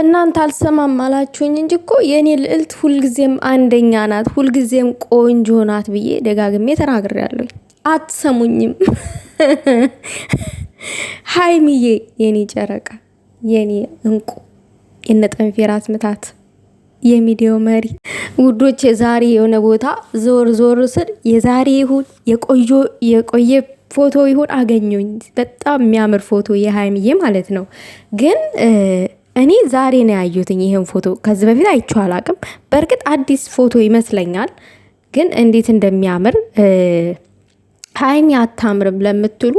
እናንተ አልሰማም አላችሁኝ እንጂ እኮ የእኔ ልዕልት ሁልጊዜም አንደኛ ናት፣ ሁልጊዜም ቆንጆ ናት ብዬ ደጋግሜ ያለሁኝ አትሰሙኝም። ሀይሚዬ የኔ ጨረቃ፣ የኔ እንቁ፣ የነጠንፌ ራስ ምታት፣ የሚዲያው መሪ ውዶች፣ የዛሬ የሆነ ቦታ ዞር ዞር ስል የዛሬ ይሁን የቆየ የቆየ ፎቶ ይሁን አገኘኝ። በጣም የሚያምር ፎቶ የሀይሚዬ ማለት ነው ግን እኔ ዛሬ ነው ያዩትኝ ይህን ፎቶ። ከዚህ በፊት አይቼው አላቅም። በእርግጥ አዲስ ፎቶ ይመስለኛል፣ ግን እንዴት እንደሚያምር ሀይሚ አታምርም ለምትሉ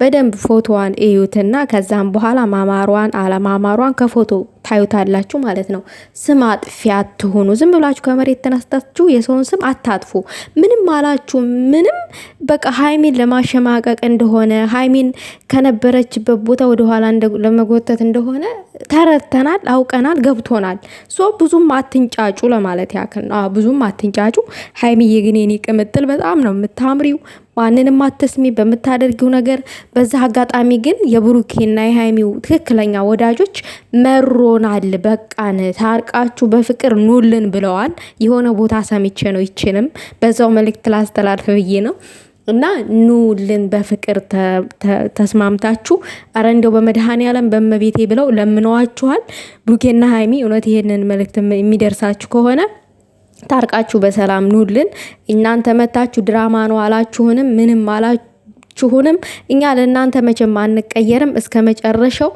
በደንብ ፎቶዋን እዩትና ከዛም በኋላ ማማሯን አለማማሯን ከፎቶ ታዩታላችሁ ማለት ነው። ስም አጥፊ አትሆኑ። ዝም ብላችሁ ከመሬት ተነስታችሁ የሰውን ስም አታጥፉ። ምንም አላችሁ ምንም በቃ ሀይሚን ለማሸማቀቅ እንደሆነ ሀይሚን ከነበረችበት ቦታ ወደኋላ ለመጎተት እንደሆነ ተረድተናል፣ አውቀናል፣ ገብቶናል። ሶ ብዙም አትንጫጩ ለማለት ያክል ነው። ብዙም አትንጫጩ። ሀይሚዬ ግን የኔ ቅምጥል በጣም ነው የምታምሪው። ማንንም አትስሚ በምታደርጊው ነገር። በዛ አጋጣሚ ግን የብሩኬና የሃይሚው ትክክለኛ ወዳጆች መሮናል፣ በቃን፣ ታርቃችሁ በፍቅር ኑልን ብለዋል። የሆነ ቦታ ሰምቼ ነው ይችንም በዛው መልእክት ላስተላልፍ ብዬ ነው እና ኑልን በፍቅር ተስማምታችሁ፣ አረ እንደው በመድኃኔዓለም በመቤቴ ብለው ለምነዋችኋል። ብሩኬና ሃይሚ እውነት ይሄንን መልእክት የሚደርሳችሁ ከሆነ ታርቃችሁ በሰላም ኑልን። እናንተ መታችሁ ድራማ ነው አላችሁንም ምንም አላችሁ ሁላችሁንም እኛ ለእናንተ መቼም አንቀየርም፣ እስከ መጨረሻው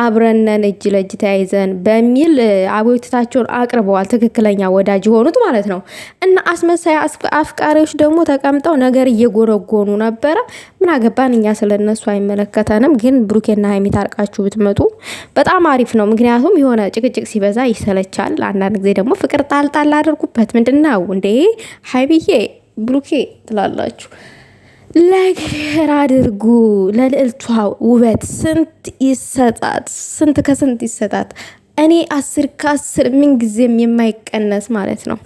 አብረነን እጅ ለእጅ ተያይዘን በሚል አቤቱታቸውን አቅርበዋል። ትክክለኛ ወዳጅ የሆኑት ማለት ነው። እና አስመሳይ አፍቃሪዎች ደግሞ ተቀምጠው ነገር እየጎረጎኑ ነበረ። ምን አገባን እኛ ስለነሱ አይመለከተንም። ግን ብሩኬና ሀይሚ ታርቃችሁ ብትመጡ በጣም አሪፍ ነው። ምክንያቱም የሆነ ጭቅጭቅ ሲበዛ ይሰለቻል። አንዳንድ ጊዜ ደግሞ ፍቅር ጣልጣል አድርጉበት። ምንድን ነው እንዴ ሀይሚዬ ብሩኬ ትላላችሁ። ለእግዚአብሔር አድርጉ። ለልዕልቷ ውበት ስንት ይሰጣት፣ ስንት ከስንት ይሰጣት። እኔ አስር ከአስር ምን ጊዜም የማይቀነስ ማለት ነው።